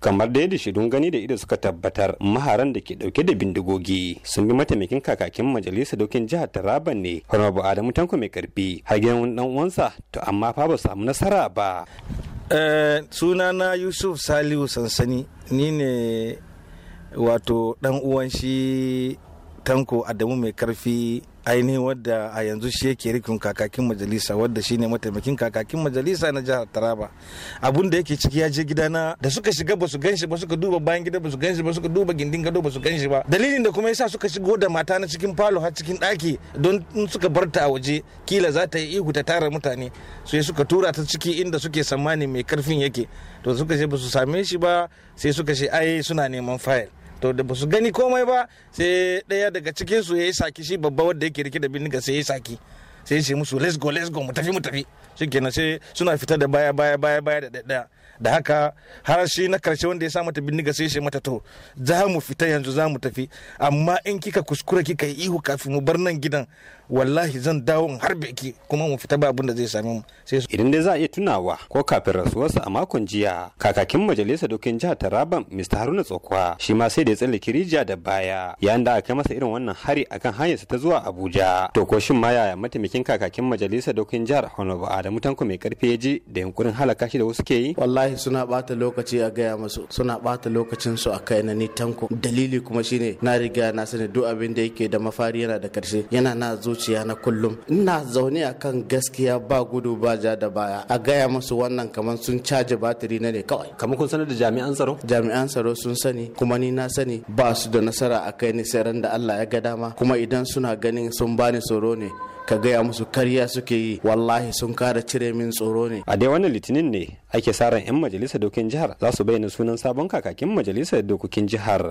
kamar da yadda shaidun gani da ido suka tabbatar maharan da ke dauke da bindigogi sun bi mataimakin kakakin majalisa dokin jihar taraba ne honorable adamu tanko mai karfi hagen wani dan uwansa to amma fa ba samu nasara ba eh, sunana yusuf salihu sansani ni ne wato dan uwan shi tanko adamu mai karfi ainihin wadda a yanzu shi yake rikin kakakin majalisa wadda shine mataimakin kakakin majalisa na jihar taraba abun da yake ciki ya je gidana da suka shiga ba su ganshi ba suka duba bayan gida ba su ganshi ba suka duba gindin gado ba su ganshi ba dalilin da kuma yasa suka shigo da mata na cikin falo har cikin daki don in suka bar ta a waje kila za ta yi ihu ta tara mutane yi suka tura ta ciki inda suke tsammani mai karfin yake to suka ce ba su same shi ba sai suka ce ai suna neman fayil to da ba su gani komai ba sai ɗaya daga cikin su yayi saki shi babba wanda yake rike da bindiga sai yayi saki sai ya ce musu let's go let's go mu tafi mu tafi shikenan sai suna fita da baya baya baya baya da ɗaya da haka har shi na karshe wanda ya sa mata bindiga sai shi mata to za mu fita yanzu za mu tafi amma in kika kuskura kika yi ihu kafin mu bar nan gidan wallahi zan dawo in harbe ki kuma mu fita ba abin da zai same mu sai idan dai za a iya tunawa ko kafin rasuwarsa a makon jiya kakakin majalisa dokin jihar Taraban Mr Haruna Tsokwa shi ma sai da ya tsallake rijiya da baya yayin da aka masa irin wannan hari akan hanyarsa ta zuwa Abuja to ko shin ma yaya mataimakin kakakin majalisa dokin jihar Honorable Adamu Tanko mai karfi ya ji da yankurin halaka shi da wasu ke yi wallahi suna bata lokaci a gaya masu suna bata lokacin su a kai na ni tanko dalili kuma shine na riga na sani duk abin da yake da mafari yana da karshe yana na zuciya na kullum ina zaune akan gaskiya ba gudu ba ja da baya a gaya masu wannan kamar sun caji batiri na ne kawai kamar kun sanar da jami'an tsaro jami'an tsaro sun sani kuma ni na sani ba su da nasara a kai ni sai ran da Allah ya ga dama kuma idan suna ganin sun bani tsoro ne ka gaya musu karya suke yi wallahi sun kara cire min tsoro ne a dai wannan litinin ne ake sa ran 'yan majalisar dokin jihar za su bayyana sunan sabon kakakin majalisar dokokin jihar